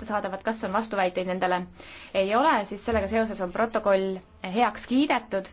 kättesaadavad, kas on vastuväiteid nendele? ei ole, siis sellega seoses on protokoll heaks kiidetud.